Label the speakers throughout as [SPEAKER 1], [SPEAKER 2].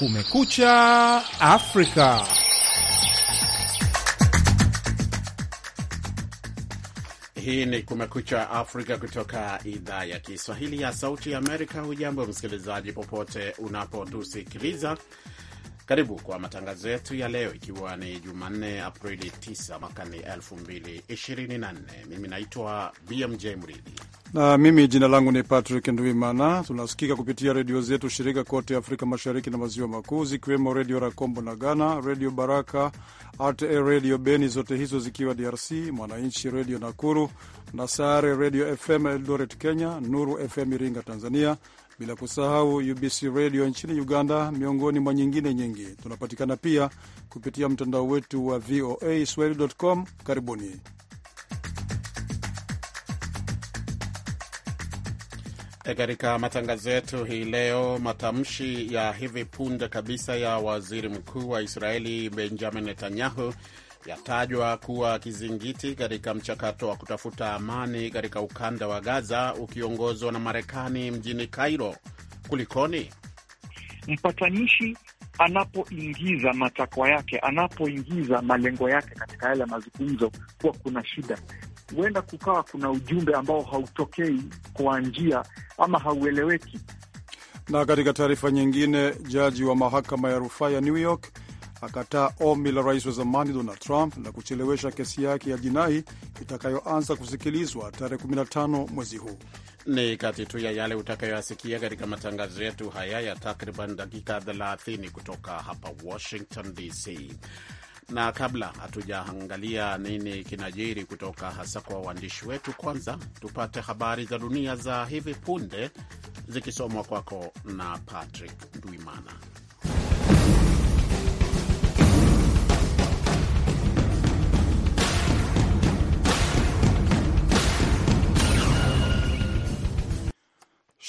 [SPEAKER 1] Kumekucha Afrika.
[SPEAKER 2] Hii ni Kumekucha Afrika kutoka idhaa ya Kiswahili ya Sauti ya Amerika. Hujambo msikilizaji, popote unapotusikiliza karibu kwa matangazo yetu ya leo, ikiwa ni Jumanne Aprili 9 mwaka ni 2024. Mimi naitwa BMJ Mridhi
[SPEAKER 3] na mimi jina langu ni Patrick nduimana Tunasikika kupitia redio zetu shirika kote Afrika Mashariki na Maziwa Makuu, zikiwemo Redio Rakombo na Ghana, Redio Baraka, RTA Redio Beni, zote hizo zikiwa DRC, Mwananchi Redio Nakuru na Sare Redio FM Eldoret Kenya, Nuru FM Iringa Tanzania, bila kusahau UBC Radio nchini Uganda, miongoni mwa nyingine nyingi. Tunapatikana pia kupitia mtandao wetu wa VOA swahili.com. Karibuni.
[SPEAKER 2] E, katika matangazo yetu hii leo, matamshi ya hivi punde kabisa ya waziri mkuu wa Israeli Benjamin Netanyahu yatajwa kuwa kizingiti katika mchakato wa kutafuta amani katika ukanda wa Gaza ukiongozwa na Marekani mjini Cairo. Kulikoni?
[SPEAKER 4] Mpatanishi anapoingiza matakwa yake, anapoingiza malengo yake katika yale mazungumzo, kuwa kuna shida, huenda kukawa kuna ujumbe ambao hautokei kwa njia ama haueleweki. Na katika
[SPEAKER 3] taarifa nyingine, jaji wa mahakama ya rufaa ya New York akataa ombi la rais wa zamani Donald Trump la kuchelewesha kesi yake ya jinai itakayoanza kusikilizwa tarehe 15 mwezi huu.
[SPEAKER 2] Ni kati tu ya yale utakayoyasikia katika matangazo yetu haya ya takriban dakika 30 kutoka hapa Washington DC. Na kabla hatujaangalia nini kinajiri kutoka hasa kwa waandishi wetu, kwanza tupate habari za dunia za hivi punde zikisomwa kwako na Patrick Ndwimana.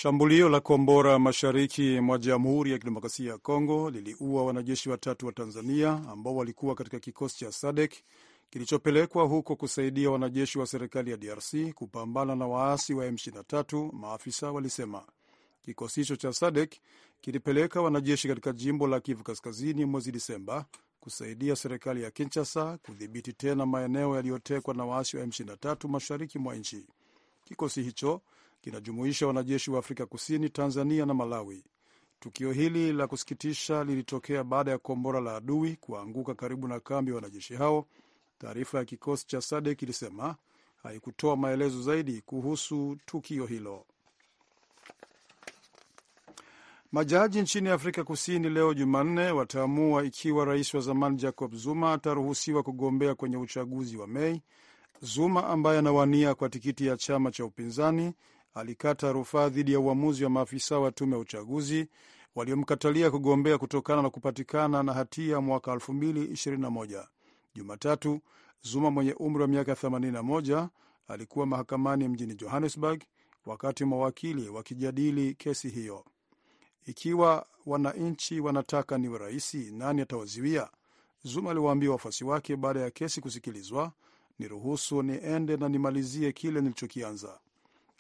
[SPEAKER 3] Shambulio la kombora mashariki mwa Jamhuri ya Kidemokrasia ya Kongo liliua wanajeshi watatu wa Tanzania ambao walikuwa katika kikosi cha SADEK kilichopelekwa huko kusaidia wanajeshi wa serikali ya DRC kupambana na waasi wa M23, maafisa walisema. Kikosi hicho cha SADEK kilipeleka wanajeshi katika jimbo la Kivu Kaskazini mwezi Disemba kusaidia serikali ya Kinshasa kudhibiti tena maeneo yaliyotekwa na waasi wa M23 mashariki mwa nchi. Kikosi hicho kinajumuisha wanajeshi wa Afrika Kusini, Tanzania na Malawi. Tukio hili la kusikitisha lilitokea baada ya kombora la adui kuanguka karibu na kambi ya wanajeshi hao. Taarifa ya kikosi cha SADEK ilisema haikutoa maelezo zaidi kuhusu tukio hilo. Majaji nchini Afrika Kusini leo Jumanne wataamua ikiwa rais wa zamani Jacob Zuma ataruhusiwa kugombea kwenye uchaguzi wa Mei. Zuma ambaye anawania kwa tikiti ya chama cha upinzani alikata rufaa dhidi ya uamuzi wa maafisa wa tume ya uchaguzi waliomkatalia kugombea kutokana na kupatikana na hatia mwaka 2021. Jumatatu, Zuma mwenye umri wa miaka 81 alikuwa mahakamani mjini Johannesburg wakati mawakili wakijadili kesi hiyo. Ikiwa wananchi wanataka niwe raisi, nani atawaziwia? Zuma aliwaambia wafuasi wake baada ya kesi kusikilizwa, niruhusu niende na nimalizie kile nilichokianza.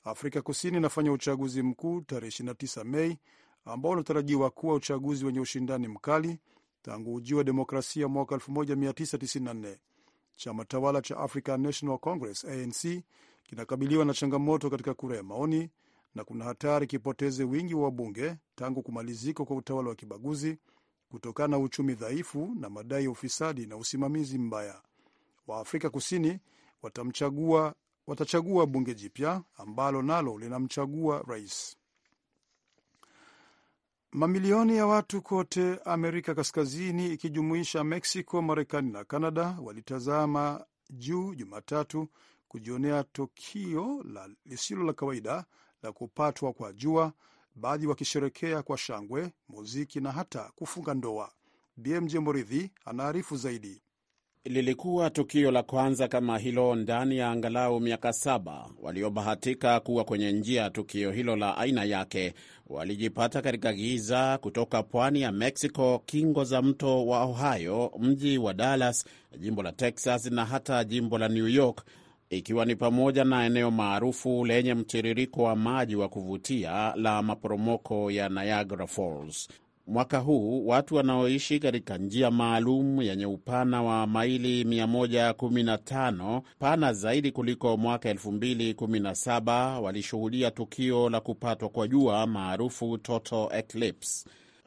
[SPEAKER 3] Afrika Kusini inafanya uchaguzi mkuu tarehe 29 Mei ambao unatarajiwa kuwa uchaguzi wenye ushindani mkali tangu ujio wa demokrasia mwaka 1994. Chama tawala cha African National Congress ANC kinakabiliwa na changamoto katika kura ya maoni na kuna hatari kipoteze wingi wa wabunge tangu kumalizika kwa utawala wa kibaguzi kutokana na uchumi dhaifu na madai ya ufisadi na usimamizi mbaya. Waafrika Kusini watamchagua watachagua bunge jipya ambalo nalo linamchagua rais. Mamilioni ya watu kote Amerika Kaskazini ikijumuisha Mexico, Marekani na Kanada walitazama juu Jumatatu kujionea tukio la lisilo la kawaida la kupatwa kwa jua, baadhi wakisherekea kwa shangwe, muziki na hata kufunga ndoa. BMJ Moridhi anaarifu zaidi
[SPEAKER 2] lilikuwa tukio la kwanza kama hilo ndani ya angalau miaka saba. Waliobahatika kuwa kwenye njia ya tukio hilo la aina yake walijipata katika giza kutoka pwani ya Mexico, kingo za mto wa Ohio, mji wa Dallas, jimbo la Texas na hata jimbo la New York, ikiwa ni pamoja na eneo maarufu lenye mtiririko wa maji wa kuvutia la maporomoko ya Niagara Falls. Mwaka huu watu wanaoishi katika njia maalum yenye upana wa maili 115 pana zaidi kuliko mwaka 2017 walishuhudia tukio la kupatwa kwa jua maarufu total eclipse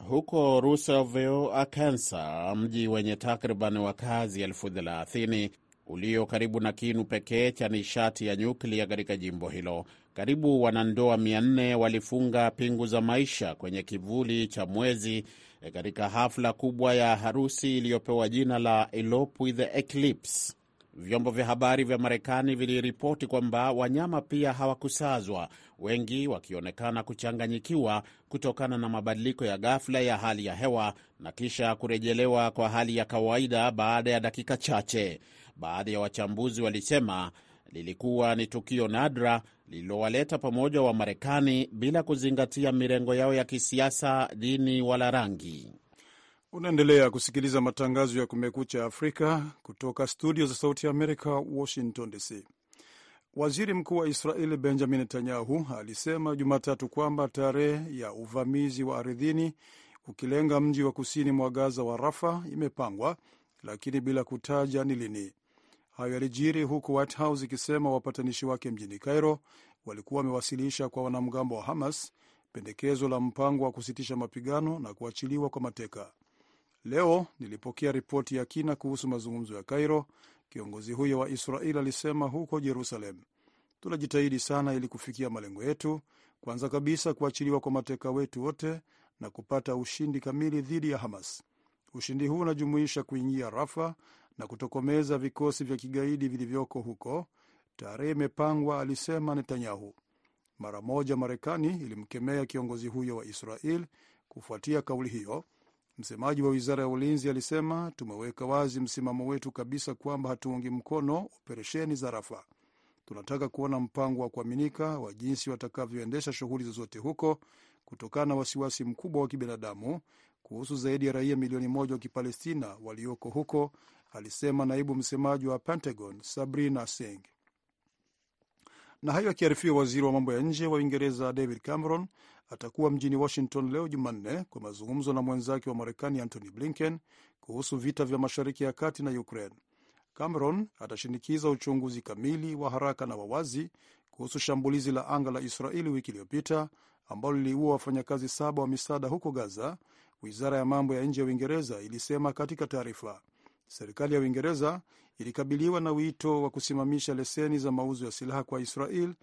[SPEAKER 2] huko Russellville, Arkansas, mji wenye takriban wakazi elfu thelathini ulio karibu na kinu pekee cha nishati ya nyuklia katika jimbo hilo. Karibu wanandoa 400 walifunga pingu za maisha kwenye kivuli cha mwezi eh, katika hafla kubwa ya harusi iliyopewa jina la Elope with the Eclipse. Vyombo vya habari vya Marekani viliripoti kwamba wanyama pia hawakusazwa, wengi wakionekana kuchanganyikiwa kutokana na mabadiliko ya ghafla ya hali ya hewa na kisha kurejelewa kwa hali ya kawaida baada ya dakika chache. Baadhi ya wachambuzi walisema lilikuwa ni tukio nadra lililowaleta pamoja wa Marekani bila kuzingatia mirengo yao ya kisiasa, dini wala rangi.
[SPEAKER 3] Unaendelea kusikiliza matangazo ya Kumekucha Afrika kutoka studio za Sauti ya Amerika, Washington DC. Waziri Mkuu wa Israeli Benjamin Netanyahu alisema Jumatatu kwamba tarehe ya uvamizi wa ardhini ukilenga mji wa kusini mwa Gaza wa Rafa imepangwa, lakini bila kutaja ni lini. Hayo yalijiri huku White House ikisema wapatanishi wake mjini Cairo walikuwa wamewasilisha kwa wanamgambo wa Hamas pendekezo la mpango wa kusitisha mapigano na kuachiliwa kwa mateka. Leo nilipokea ripoti ya kina kuhusu mazungumzo ya Cairo, kiongozi huyo wa Israel alisema. Huko Jerusalem tunajitahidi sana ili kufikia malengo yetu, kwanza kabisa kuachiliwa kwa mateka wetu wote na kupata ushindi kamili dhidi ya Hamas. Ushindi huu unajumuisha kuingia Rafa na kutokomeza vikosi vya kigaidi vilivyoko huko, tarehe imepangwa, alisema Netanyahu. Mara moja Marekani ilimkemea kiongozi huyo wa Israel kufuatia kauli hiyo. Msemaji wa wizara ya ulinzi alisema, tumeweka wazi msimamo wetu kabisa kwamba hatuungi mkono operesheni za Rafa. Tunataka kuona mpango wa kuaminika wa jinsi watakavyoendesha shughuli zozote huko, kutokana na wasiwasi mkubwa wa kibinadamu kuhusu zaidi ya raia milioni moja wa Kipalestina walioko huko alisema naibu msemaji wa Pentagon Sabrina Singh. Na hayo akiarifiwa, waziri wa mambo ya nje wa Uingereza David Cameron atakuwa mjini Washington leo Jumanne kwa mazungumzo na mwenzake wa Marekani Antony Blinken kuhusu vita vya Mashariki ya Kati na Ukraine. Cameron atashinikiza uchunguzi kamili wa haraka na wawazi kuhusu shambulizi la anga la Israeli wiki iliyopita ambalo liliua wafanyakazi saba wa misaada huko Gaza, wizara ya mambo ya nje ya Uingereza ilisema katika taarifa. Serikali ya Uingereza ilikabiliwa na wito wa kusimamisha leseni za mauzo ya silaha kwa Israel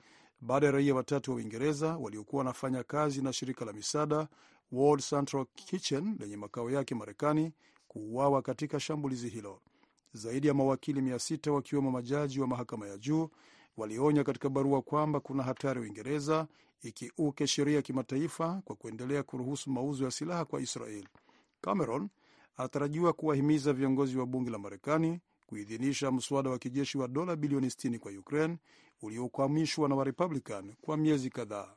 [SPEAKER 3] baada ya raia watatu wa Uingereza waliokuwa wanafanya kazi na shirika la misaada World Central Kitchen lenye makao yake Marekani kuuawa katika shambulizi hilo. Zaidi ya mawakili 6 wakiwemo majaji wa mahakama ya juu walionya katika barua kwamba kuna hatari Uingereza ikiuke sheria ya kimataifa kwa kuendelea kuruhusu mauzo ya silaha kwa Israel. Cameron anatarajiwa kuwahimiza viongozi wa bunge la Marekani kuidhinisha mswada wa kijeshi wa dola bilioni 60 kwa Ukraine uliokwamishwa na Warepublican kwa miezi kadhaa.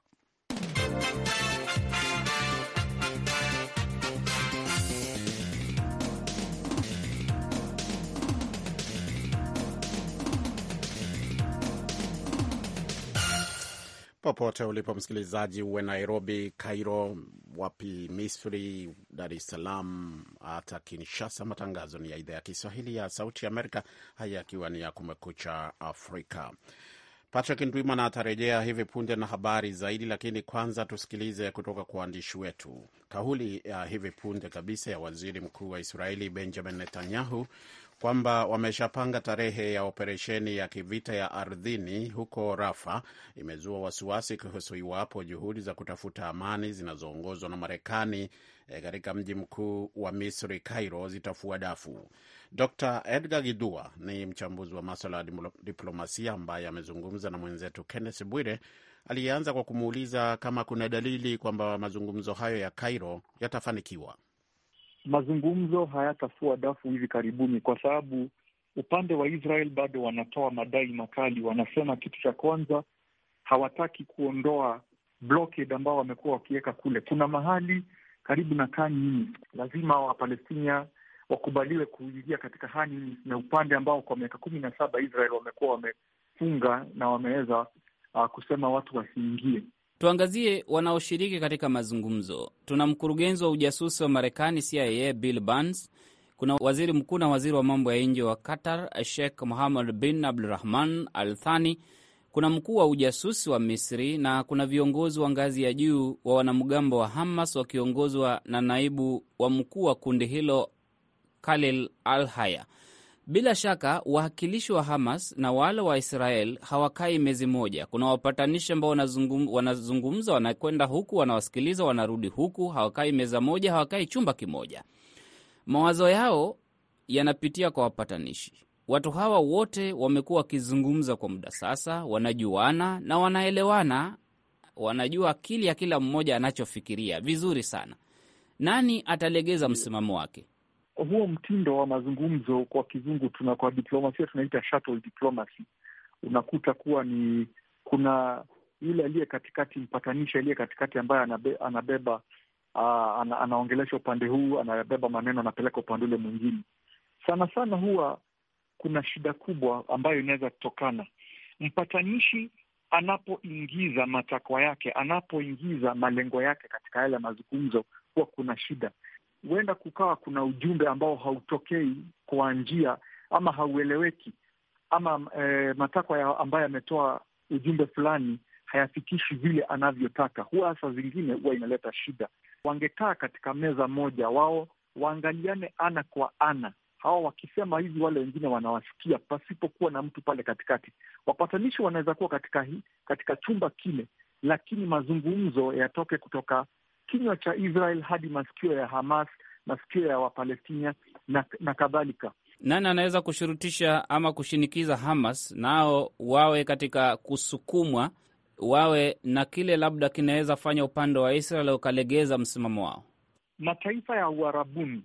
[SPEAKER 2] popote ulipo msikilizaji, uwe Nairobi, Kairo, wapi Misri, Dar es Salaam, hata Kinshasa. Matangazo ni ya idhaa ya Kiswahili ya Sauti ya Amerika, haya yakiwa ni ya Kumekucha Afrika. Patrick Ndwimana atarejea hivi punde na habari zaidi, lakini kwanza tusikilize kutoka kwa waandishi wetu kauli ya hivi punde kabisa ya waziri mkuu wa Israeli Benjamin Netanyahu kwamba wameshapanga tarehe ya operesheni ya kivita ya ardhini huko Rafa, imezua wasiwasi kuhusu iwapo juhudi za kutafuta amani zinazoongozwa na Marekani eh, katika mji mkuu wa Misri, Cairo, zitafua dafu. Dr Edgar Gidua ni mchambuzi wa maswala ya diplomasia ambaye amezungumza na mwenzetu Kenneth Bwire aliyeanza kwa kumuuliza kama kuna dalili kwamba mazungumzo hayo ya Cairo
[SPEAKER 4] yatafanikiwa mazungumzo hayatafua dafu hivi karibuni, kwa sababu upande wa Israel bado wanatoa madai makali. Wanasema kitu cha kwanza, hawataki kuondoa blockade ambao wamekuwa wakiweka kule. Kuna mahali karibu na Khan lazima Wapalestina wakubaliwe kuingia katika Khan na upande ambao kwa miaka kumi na saba Israel wamekuwa wamefunga na wameweza uh, kusema watu wasiingie.
[SPEAKER 5] Tuangazie wanaoshiriki katika mazungumzo. Tuna mkurugenzi wa ujasusi wa Marekani, CIA, Bill Burns. Kuna waziri mkuu na waziri wa mambo ya nje wa Qatar, Sheikh Mohammed bin Abdurahman Al Thani. Kuna mkuu wa ujasusi wa Misri na kuna viongozi wa ngazi ya juu wa wanamgambo wa Hamas wakiongozwa na naibu wa mkuu wa kundi hilo Khalil Al Haya. Bila shaka wawakilishi wa Hamas na wale wa Israel hawakai mezi moja. Kuna wapatanishi ambao wanazungumza, wanakwenda huku, wanawasikiliza, wanarudi huku, hawakai meza moja, hawakai chumba kimoja. Mawazo yao yanapitia kwa wapatanishi. Watu hawa wote wamekuwa wakizungumza kwa muda sasa, wanajuana na wanaelewana, wanajua akili ya kila mmoja anachofikiria vizuri sana. Nani atalegeza msimamo wake?
[SPEAKER 4] huo mtindo wa mazungumzo kwa kizungu tuna kwa diplomasia tunaita shuttle diplomacy, unakuta kuwa ni kuna yule aliye katikati, mpatanishi aliye katikati ambaye anabe, anabeba ana, anaongelesha upande huu, anabeba maneno anapeleka upande ule mwingine. Sana sana huwa kuna shida kubwa ambayo inaweza kutokana mpatanishi anapoingiza matakwa yake, anapoingiza malengo yake katika yale mazungumzo, huwa kuna shida huenda kukawa kuna ujumbe ambao hautokei kwa njia ama haueleweki ama e, matakwa ya ambayo yametoa ujumbe fulani hayafikishi vile anavyotaka. Huwa saa zingine huwa inaleta shida. Wangekaa katika meza moja, wao waangaliane ana kwa ana. Hawa wakisema hivi, wale wengine wanawasikia pasipokuwa na mtu pale katikati. Wapatanishi wanaweza kuwa katika, katika chumba kile, lakini mazungumzo yatoke kutoka kinywa cha Israel hadi masikio ya Hamas, masikio ya Wapalestina na, na kadhalika.
[SPEAKER 5] Nani anaweza kushurutisha ama kushinikiza Hamas nao wawe katika kusukumwa wawe na kile labda kinaweza fanya upande wa Israel ukalegeza msimamo wao?
[SPEAKER 4] Mataifa ya Uarabuni,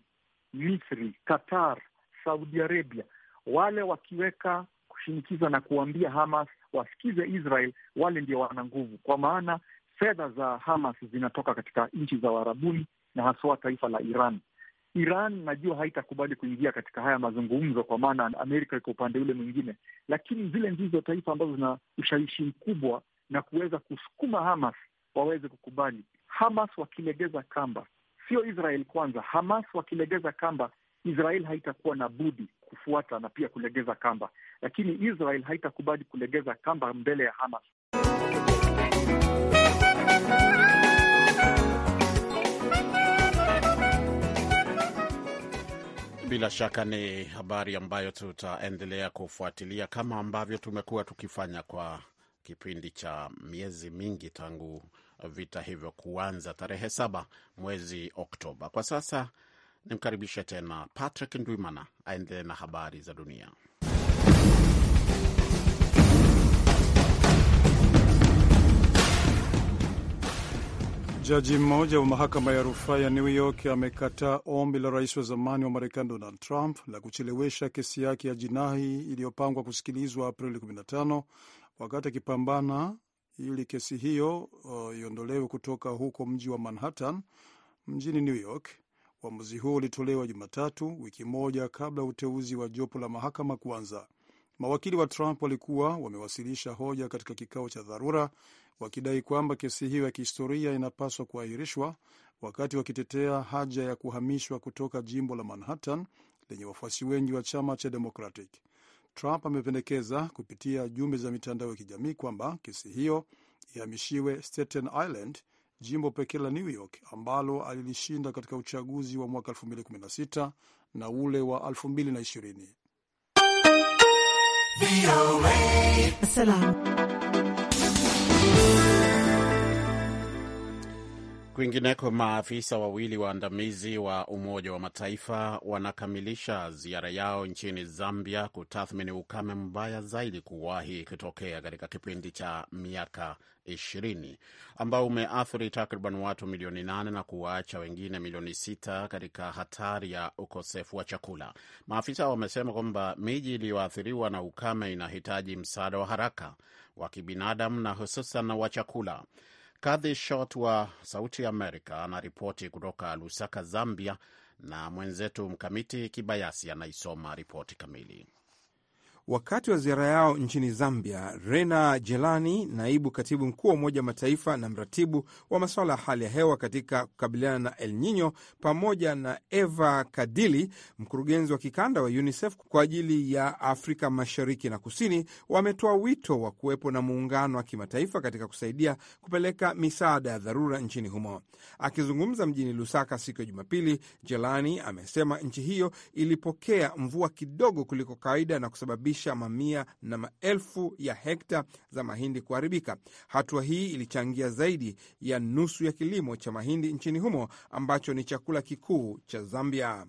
[SPEAKER 4] Misri, Qatar, Saudi Arabia, wale wakiweka kushinikiza na kuambia Hamas wasikize Israel, wale ndio wana nguvu, kwa maana fedha za Hamas zinatoka katika nchi za Uarabuni na haswa taifa la Iran. Iran najua haitakubali kuingia katika haya mazungumzo, kwa maana Amerika iko upande ule mwingine, lakini zile ndizo taifa ambazo zina ushawishi mkubwa na kuweza kusukuma Hamas waweze kukubali. Hamas wakilegeza kamba, sio Israel kwanza. Hamas wakilegeza kamba, Israel haitakuwa na budi kufuata na pia kulegeza kamba, lakini Israel haitakubali kulegeza kamba mbele ya Hamas.
[SPEAKER 2] Bila shaka ni habari ambayo tutaendelea kufuatilia kama ambavyo tumekuwa tukifanya kwa kipindi cha miezi mingi tangu vita hivyo kuanza tarehe saba mwezi Oktoba. Kwa sasa nimkaribishe tena Patrick Ndwimana aendelee na habari za dunia.
[SPEAKER 3] Jaji mmoja wa mahakama ya rufaa ya New York amekataa ombi la rais wa zamani wa Marekani Donald Trump la kuchelewesha kesi yake ya jinai iliyopangwa kusikilizwa Aprili 15 wakati akipambana ili kesi hiyo uh, iondolewe uh, kutoka huko mji wa Manhattan mjini New York. Uamuzi huo ulitolewa Jumatatu, wiki moja kabla ya uteuzi wa jopo la mahakama kuanza. Mawakili wa Trump walikuwa wamewasilisha hoja katika kikao cha dharura, wakidai kwamba kesi hiyo ya kihistoria inapaswa kuahirishwa, wakati wakitetea haja ya kuhamishwa kutoka jimbo la Manhattan lenye wafuasi wengi wa chama cha Democratic. Trump amependekeza kupitia jumbe za mitandao ya kijamii kwamba kesi hiyo ihamishiwe Staten Island, jimbo pekee la New York ambalo alilishinda katika uchaguzi wa mwaka 2016 na ule wa 2020. VOA. Assalam.
[SPEAKER 2] Kwingineko, maafisa wawili waandamizi wa Umoja wa Mataifa wanakamilisha ziara yao nchini Zambia kutathmini ukame mbaya zaidi kuwahi kutokea katika kipindi cha miaka ishirini ambao umeathiri takriban watu milioni nane na kuwaacha wengine milioni sita katika hatari ya ukosefu wa chakula. Maafisa wamesema kwamba miji iliyoathiriwa na ukame inahitaji msaada wa haraka wa kibinadamu na hususan wa chakula. Kathy Short wa Sauti Amerika anaripoti kutoka Lusaka, Zambia, na mwenzetu Mkamiti Kibayasi anaisoma ripoti kamili.
[SPEAKER 1] Wakati wa ziara yao nchini Zambia, Rena Jelani, naibu katibu mkuu wa Umoja Mataifa na mratibu wa masuala ya hali ya hewa katika kukabiliana na El Nino, pamoja na Eva Kadili, mkurugenzi wa kikanda wa UNICEF kwa ajili ya Afrika Mashariki na Kusini, wametoa wito wa kuwepo na muungano wa kimataifa katika kusaidia kupeleka misaada ya dharura nchini humo. Akizungumza mjini Lusaka siku ya Jumapili, Jelani amesema nchi hiyo ilipokea mvua kidogo kuliko kawaida na kusababisha kusababisha mamia na maelfu ya hekta za mahindi kuharibika. Hatua hii ilichangia zaidi ya nusu ya kilimo cha mahindi nchini humo ambacho ni chakula kikuu cha Zambia.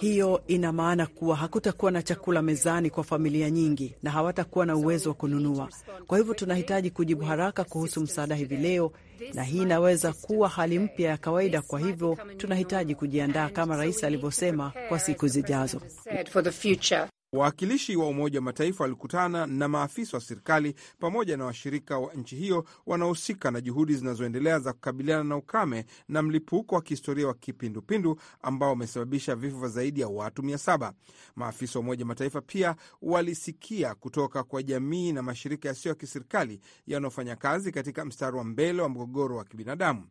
[SPEAKER 1] hiyo ina maana kuwa hakutakuwa na chakula mezani kwa familia nyingi na hawatakuwa na uwezo wa kununua. Kwa hivyo tunahitaji
[SPEAKER 5] kujibu haraka kuhusu msaada hivi leo, na hii inaweza kuwa hali mpya ya kawaida. Kwa
[SPEAKER 1] hivyo tunahitaji kujiandaa, kama rais alivyosema, kwa siku zijazo. Wawakilishi wa Umoja wa Mataifa walikutana na maafisa wa serikali pamoja na washirika wa nchi hiyo wanaohusika na juhudi zinazoendelea za kukabiliana na ukame na mlipuko wa kihistoria wa kipindupindu ambao wamesababisha vifo zaidi ya watu mia saba. Maafisa wa Umoja wa Mataifa pia walisikia kutoka kwa jamii na mashirika yasiyo ya kiserikali yanayofanya kazi katika mstari wa mbele wa mgogoro wa kibinadamu.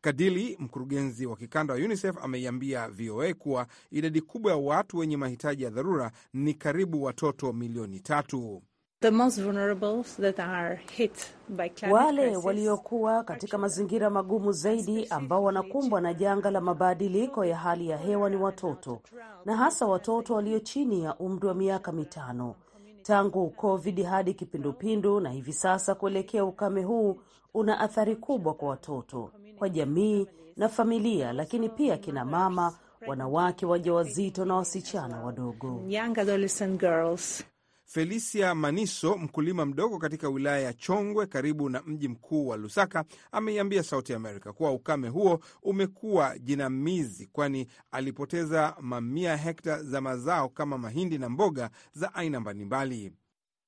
[SPEAKER 1] Kadili, mkurugenzi wa kikanda wa UNICEF, ameiambia VOA kuwa idadi kubwa ya watu wenye mahitaji ya dharura ni karibu watoto milioni tatu.
[SPEAKER 5] The most vulnerable that are hit by climate wale waliokuwa katika mazingira magumu zaidi ambao wanakumbwa na janga la mabadiliko ya hali ya hewa ni watoto na hasa watoto walio chini ya umri wa miaka mitano. Tangu COVID hadi kipindupindu na hivi sasa kuelekea ukame, huu una athari kubwa kwa watoto kwa jamii na familia, lakini pia kina mama, wanawake wajawazito na wasichana wadogo.
[SPEAKER 1] Felicia Maniso, mkulima mdogo katika wilaya ya Chongwe karibu na mji mkuu wa Lusaka, ameiambia Sauti Amerika kuwa ukame huo umekuwa jinamizi, kwani alipoteza mamia hekta za mazao kama mahindi na mboga za aina mbalimbali.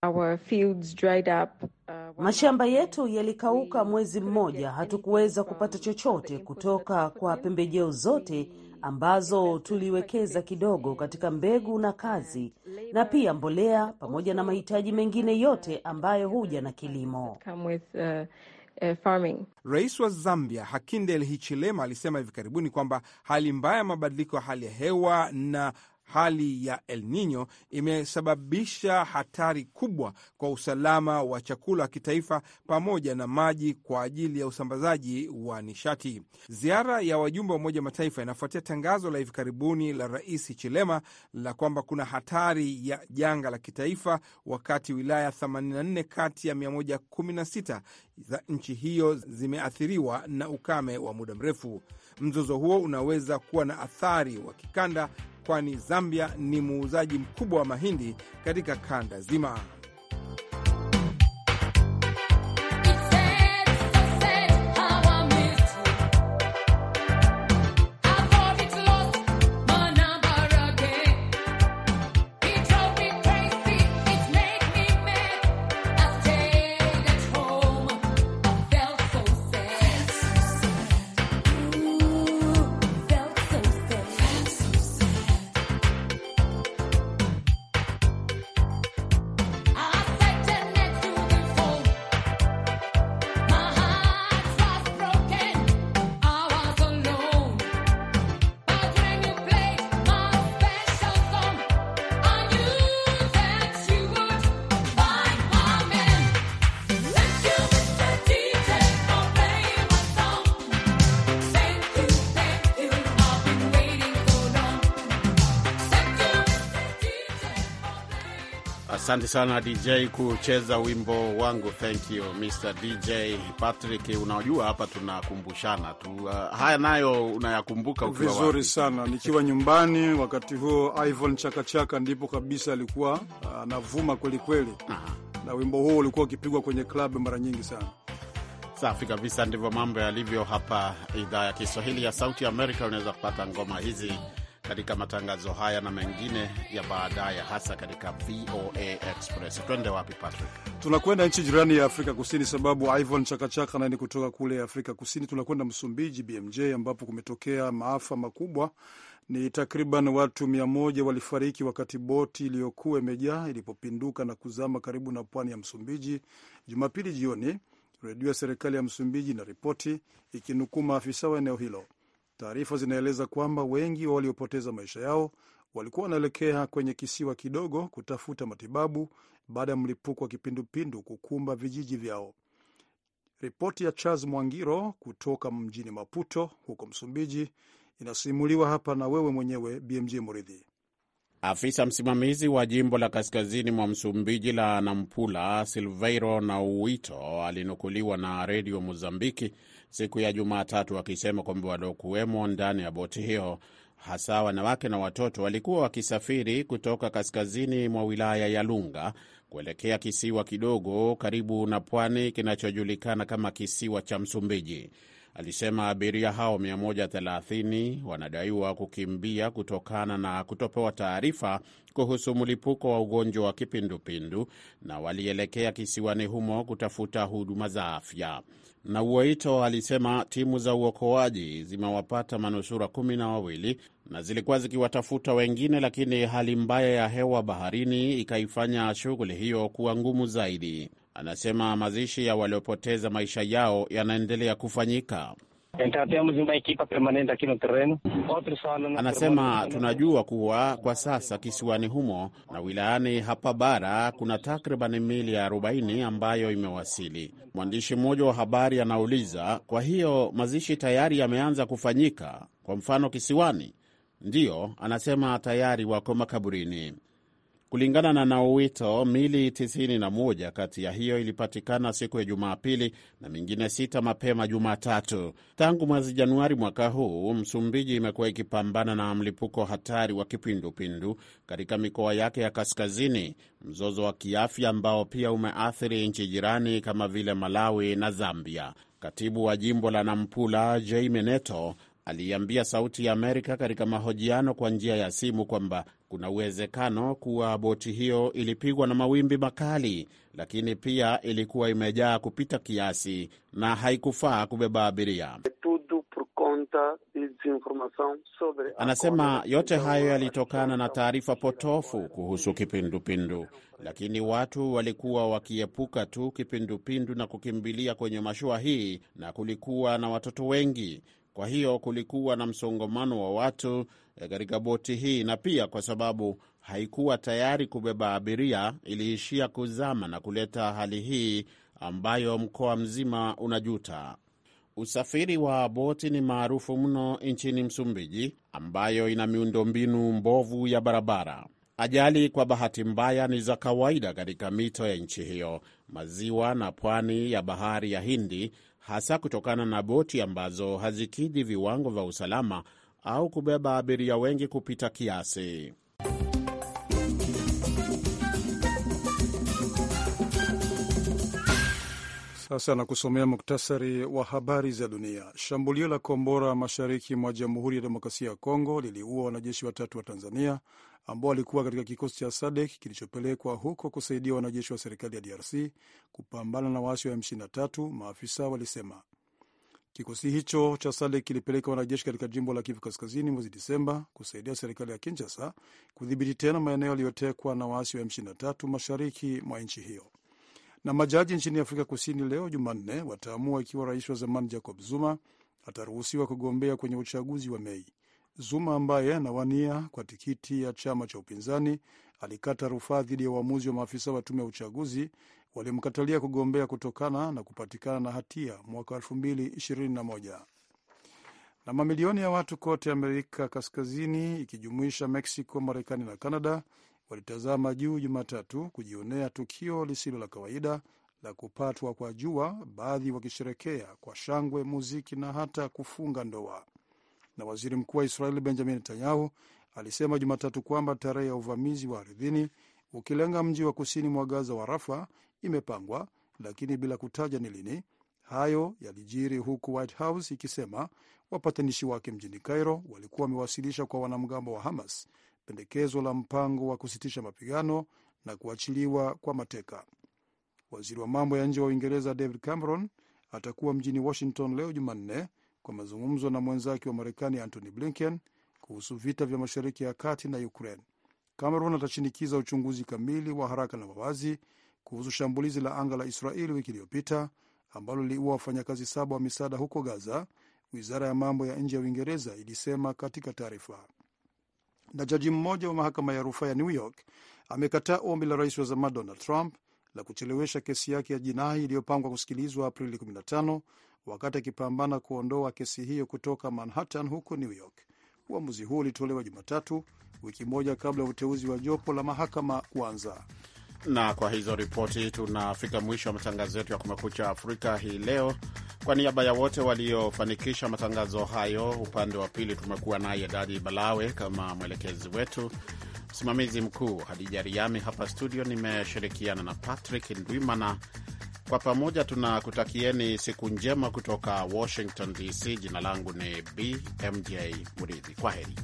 [SPEAKER 1] Our fields dried up, uh,
[SPEAKER 5] mashamba yetu yalikauka mwezi mmoja. Hatukuweza kupata chochote kutoka kwa pembejeo zote ambazo tuliwekeza kidogo katika mbegu na kazi
[SPEAKER 1] na pia mbolea pamoja na mahitaji mengine yote ambayo huja na kilimo. Uh, uh, Rais wa Zambia Hakainde Hichilema alisema hivi karibuni kwamba hali mbaya ya mabadiliko ya hali ya hewa na hali ya El Nino imesababisha hatari kubwa kwa usalama wa chakula wa kitaifa pamoja na maji kwa ajili ya usambazaji wa nishati. Ziara ya wajumbe wa Umoja wa Mataifa inafuatia tangazo la hivi karibuni la Rais Chilema la kwamba kuna hatari ya janga la kitaifa, wakati wilaya 84 kati ya 116 za nchi hiyo zimeathiriwa na ukame wa muda mrefu. Mzozo huo unaweza kuwa na athari wa kikanda kwani Zambia ni muuzaji mkubwa wa mahindi katika kanda zima.
[SPEAKER 2] Asante sana DJ kucheza wimbo wangu, thank you Mr DJ Patrick. Unajua hapa tunakumbushana tu uh, haya nayo unayakumbuka ukiwa vizuri
[SPEAKER 3] sana nikiwa nyumbani wakati huo. Ivon Chakachaka ndipo kabisa alikuwa uh, anavuma uh, kwelikweli na wimbo huo ulikuwa ukipigwa kwenye klabu mara nyingi sana.
[SPEAKER 2] Safi kabisa, ndivyo mambo yalivyo hapa idhaa ya Kiswahili ya Sauti Amerika. Unaweza kupata ngoma hizi katika matangazo haya na mengine ya baadaye, hasa katika VOA Express. Twende wapi Patrick?
[SPEAKER 3] Tunakwenda nchi jirani ya Afrika Kusini, sababu Ivon Chakachaka naye ni kutoka kule Afrika Kusini. Tunakwenda Msumbiji, BMJ, ambapo kumetokea maafa makubwa. Ni takriban watu mia moja walifariki wakati boti iliyokuwa imejaa ilipopinduka na kuzama karibu na pwani ya Msumbiji Jumapili jioni, redio ya serikali ya Msumbiji inaripoti ikinukuu maafisa wa eneo hilo. Taarifa zinaeleza kwamba wengi wa waliopoteza maisha yao walikuwa wanaelekea kwenye kisiwa kidogo kutafuta matibabu baada ya mlipuko wa kipindupindu kukumba vijiji vyao. Ripoti ya Charles Mwangiro kutoka mjini Maputo huko Msumbiji inasimuliwa hapa na wewe mwenyewe BMJ Muridhi.
[SPEAKER 2] Afisa msimamizi wa jimbo la kaskazini mwa Msumbiji la Nampula, Silveiro na uwito alinukuliwa na redio Mozambiki siku ya Jumatatu akisema kwamba waliokuwemo ndani ya boti hiyo, hasa wanawake na watoto, walikuwa wakisafiri kutoka kaskazini mwa wilaya ya Lunga kuelekea kisiwa kidogo karibu na pwani kinachojulikana kama kisiwa cha Msumbiji alisema abiria hao 130 wanadaiwa kukimbia kutokana na kutopewa taarifa kuhusu mlipuko wa ugonjwa wa kipindupindu na walielekea kisiwani humo kutafuta huduma za afya. Na Uwaito alisema timu za uokoaji zimewapata manusura kumi na wawili na zilikuwa zikiwatafuta wengine, lakini hali mbaya ya hewa baharini ikaifanya shughuli hiyo kuwa ngumu zaidi anasema mazishi ya waliopoteza maisha yao yanaendelea kufanyika.
[SPEAKER 4] Anasema
[SPEAKER 2] tunajua kuwa kwa sasa kisiwani humo na wilayani hapa bara kuna takribani mili ya 40 ambayo imewasili. Mwandishi mmoja wa habari anauliza, kwa hiyo mazishi tayari yameanza kufanyika, kwa mfano kisiwani? Ndiyo, anasema tayari wako makaburini. Kulingana na Nauwito, mili 91 kati ya hiyo ilipatikana siku ya Jumapili na mingine sita mapema Jumatatu. Tangu mwezi Januari mwaka huu, Msumbiji imekuwa ikipambana na mlipuko hatari wa kipindupindu katika mikoa yake ya kaskazini, mzozo wa kiafya ambao pia umeathiri nchi jirani kama vile Malawi na Zambia. Katibu wa jimbo la Nampula Jay aliiambia Sauti ya Amerika katika mahojiano kwa njia ya simu kwamba kuna uwezekano kuwa boti hiyo ilipigwa na mawimbi makali, lakini pia ilikuwa imejaa kupita kiasi na haikufaa kubeba abiria. Anasema yote hayo yalitokana na taarifa potofu kuhusu kipindupindu, lakini watu walikuwa wakiepuka tu kipindupindu na kukimbilia kwenye mashua hii, na kulikuwa na watoto wengi. Kwa hiyo kulikuwa na msongamano wa watu eh, katika boti hii, na pia kwa sababu haikuwa tayari kubeba abiria, iliishia kuzama na kuleta hali hii ambayo mkoa mzima unajuta. Usafiri wa boti ni maarufu mno nchini Msumbiji, ambayo ina miundombinu mbovu ya barabara. Ajali kwa bahati mbaya ni za kawaida katika mito ya nchi hiyo, maziwa na pwani ya bahari ya Hindi, hasa kutokana na boti ambazo hazikidhi viwango vya usalama au kubeba abiria wengi kupita kiasi.
[SPEAKER 3] Sasa na kusomea muktasari wa habari za dunia. Shambulio la kombora mashariki mwa Jamhuri ya Demokrasia ya Kongo liliua wanajeshi watatu wa Tanzania ambao walikuwa katika kikosi cha SADEK kilichopelekwa huko kusaidia wanajeshi wa serikali ya DRC kupambana na waasi wa M23, maafisa walisema. Kikosi hicho cha SADEK kilipeleka wanajeshi katika jimbo la Kivu Kaskazini mwezi Disemba kusaidia serikali ya Kinshasa kudhibiti tena maeneo yaliyotekwa na waasi wa M23 mashariki mwa nchi hiyo. Na majaji nchini Afrika Kusini leo Jumanne wataamua ikiwa rais wa zamani Jacob Zuma ataruhusiwa kugombea kwenye uchaguzi wa Mei. Zuma ambaye anawania kwa tikiti ya chama cha upinzani alikata rufaa dhidi ya uamuzi wa maafisa wa tume ya uchaguzi walimkatalia kugombea kutokana na kupatikana na hatia mwaka 2021. Na mamilioni ya watu kote Amerika Kaskazini ikijumuisha Mexico, Marekani na canada walitazama juu Jumatatu kujionea tukio lisilo la kawaida la kupatwa kwa jua, baadhi wakisherekea kwa shangwe, muziki na hata kufunga ndoa na waziri mkuu wa Israeli Benjamin Netanyahu alisema Jumatatu kwamba tarehe ya uvamizi wa ardhini ukilenga mji wa kusini mwa Gaza wa Rafa imepangwa, lakini bila kutaja ni lini. Hayo yalijiri huku White House ikisema wapatanishi wake mjini Cairo walikuwa wamewasilisha kwa wanamgambo wa Hamas pendekezo la mpango wa kusitisha mapigano na kuachiliwa kwa mateka. Waziri wa mambo ya nje wa Uingereza David Cameron atakuwa mjini Washington leo Jumanne kwa mazungumzo na mwenzake wa Marekani Antony Blinken kuhusu vita vya Mashariki ya Kati na Ukraine. Cameron atashinikiza uchunguzi kamili wa haraka na wawazi kuhusu shambulizi la anga la Israeli wiki iliyopita ambalo liliua wafanyakazi saba wa misaada huko Gaza, wizara ya mambo ya nje ya Uingereza ilisema katika taarifa. Na jaji mmoja wa mahakama ya rufaa ya New York amekataa ombi la rais wa zamani Donald Trump la kuchelewesha kesi yake ya jinai iliyopangwa kusikilizwa Aprili 15 wakati akipambana kuondoa kesi hiyo kutoka Manhattan huko New York. Uamuzi huu ulitolewa Jumatatu, wiki moja kabla ya uteuzi wa jopo la mahakama kuanza.
[SPEAKER 2] Na kwa hizo ripoti tunafika mwisho wa matangazo yetu ya Kumekucha Afrika hii leo. Kwa niaba ya wote waliofanikisha matangazo hayo, upande wa pili tumekuwa naye Dadi Balawe kama mwelekezi wetu, msimamizi mkuu Hadija Riami. Hapa studio nimeshirikiana na Patrick Ndwimana. Kwa pamoja tunakutakieni siku njema kutoka Washington DC. Jina langu ni BMJ mridhi Kwa heri.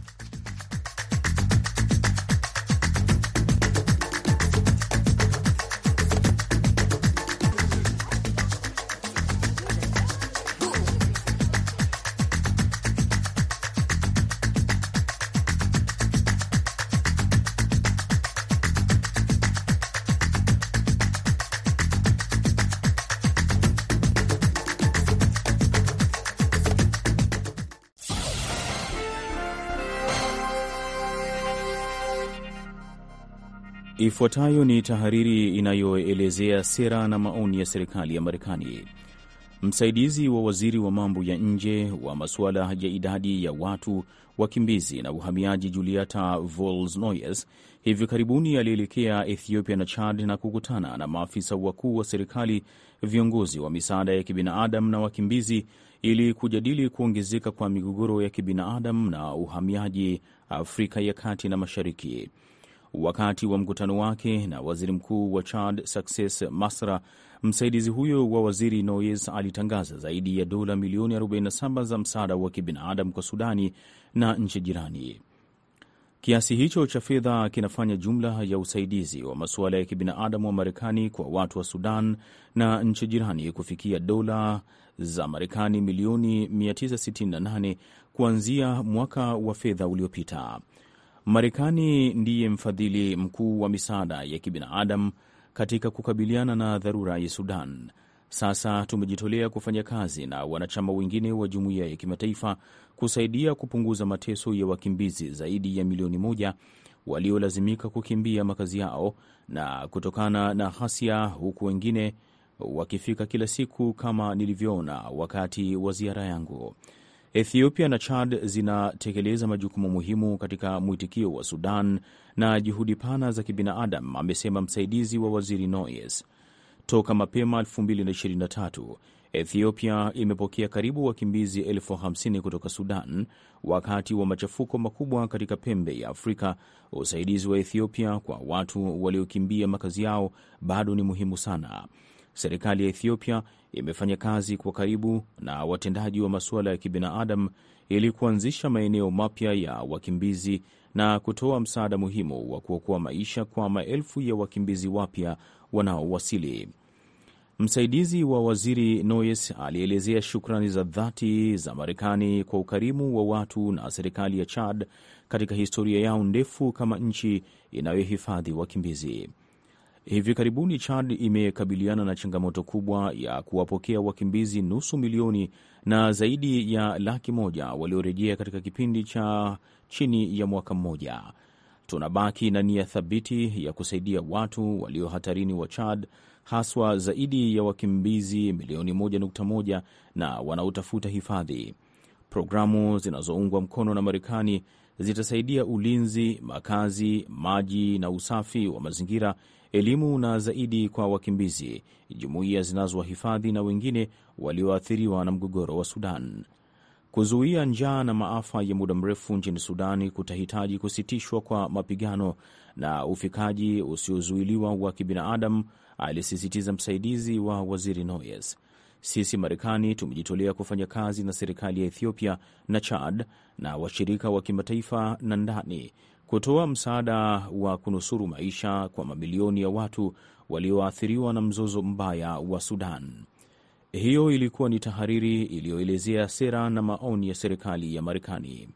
[SPEAKER 6] Ifuatayo ni tahariri inayoelezea sera na maoni ya serikali ya Marekani. Msaidizi wa waziri wa mambo ya nje wa masuala ya idadi ya watu, wakimbizi na uhamiaji, Julieta Vols Noyes, hivi karibuni alielekea Ethiopia na Chad na kukutana na maafisa wakuu wa serikali, viongozi wa misaada ya kibinadamu na wakimbizi ili kujadili kuongezeka kwa migogoro ya kibinadamu na uhamiaji Afrika ya Kati na Mashariki wakati wa mkutano wake na waziri mkuu wa Chad Success Masra. Msaidizi huyo wa waziri Noyes alitangaza zaidi ya dola milioni 47 za msaada wa kibinadamu kwa Sudani na nchi jirani. Kiasi hicho cha fedha kinafanya jumla ya usaidizi wa masuala ya kibinadamu wa Marekani kwa watu wa Sudan na nchi jirani kufikia dola za Marekani milioni 968 kuanzia mwaka wa fedha uliopita. Marekani ndiye mfadhili mkuu wa misaada ya kibinadamu katika kukabiliana na dharura ya Sudan. Sasa tumejitolea kufanya kazi na wanachama wengine wa jumuiya ya kimataifa kusaidia kupunguza mateso ya wakimbizi zaidi ya milioni moja waliolazimika kukimbia makazi yao na kutokana na ghasia, huku wengine wakifika kila siku, kama nilivyoona wakati wa ziara yangu. Ethiopia na Chad zinatekeleza majukumu muhimu katika mwitikio wa Sudan na juhudi pana za kibinadamu, amesema msaidizi wa waziri Noyes. Toka mapema 2023 Ethiopia imepokea karibu wakimbizi elfu hamsini kutoka Sudan wakati wa machafuko makubwa katika pembe ya Afrika. Usaidizi wa Ethiopia kwa watu waliokimbia makazi yao bado ni muhimu sana serikali ya Ethiopia imefanya kazi kwa karibu na watendaji wa masuala ya kibinadamu ili kuanzisha maeneo mapya ya wakimbizi na kutoa msaada muhimu wa kuokoa maisha kwa maelfu ya wakimbizi wapya wanaowasili. Msaidizi wa waziri Noyes alielezea shukrani za dhati za Marekani kwa ukarimu wa watu na serikali ya Chad katika historia yao ndefu kama nchi inayohifadhi wakimbizi. Hivi karibuni Chad imekabiliana na changamoto kubwa ya kuwapokea wakimbizi nusu milioni na zaidi ya laki moja waliorejea katika kipindi cha chini ya mwaka mmoja. Tunabaki na nia thabiti ya kusaidia watu walio hatarini wa Chad, haswa zaidi ya wakimbizi milioni 1.1 na wanaotafuta hifadhi. Programu zinazoungwa mkono na Marekani zitasaidia ulinzi, makazi, maji na usafi wa mazingira elimu na zaidi kwa wakimbizi, jumuiya zinazowahifadhi na wengine walioathiriwa na mgogoro wa Sudan. Kuzuia njaa na maafa ya muda mrefu nchini Sudani kutahitaji kusitishwa kwa mapigano na ufikaji usiozuiliwa wa kibinadamu, alisisitiza msaidizi wa waziri Noyes. Sisi Marekani tumejitolea kufanya kazi na serikali ya Ethiopia na Chad na washirika wa kimataifa na ndani kutoa msaada wa kunusuru maisha kwa mamilioni ya watu walioathiriwa na mzozo mbaya wa Sudan. Hiyo ilikuwa ni tahariri iliyoelezea sera na maoni ya serikali ya Marekani.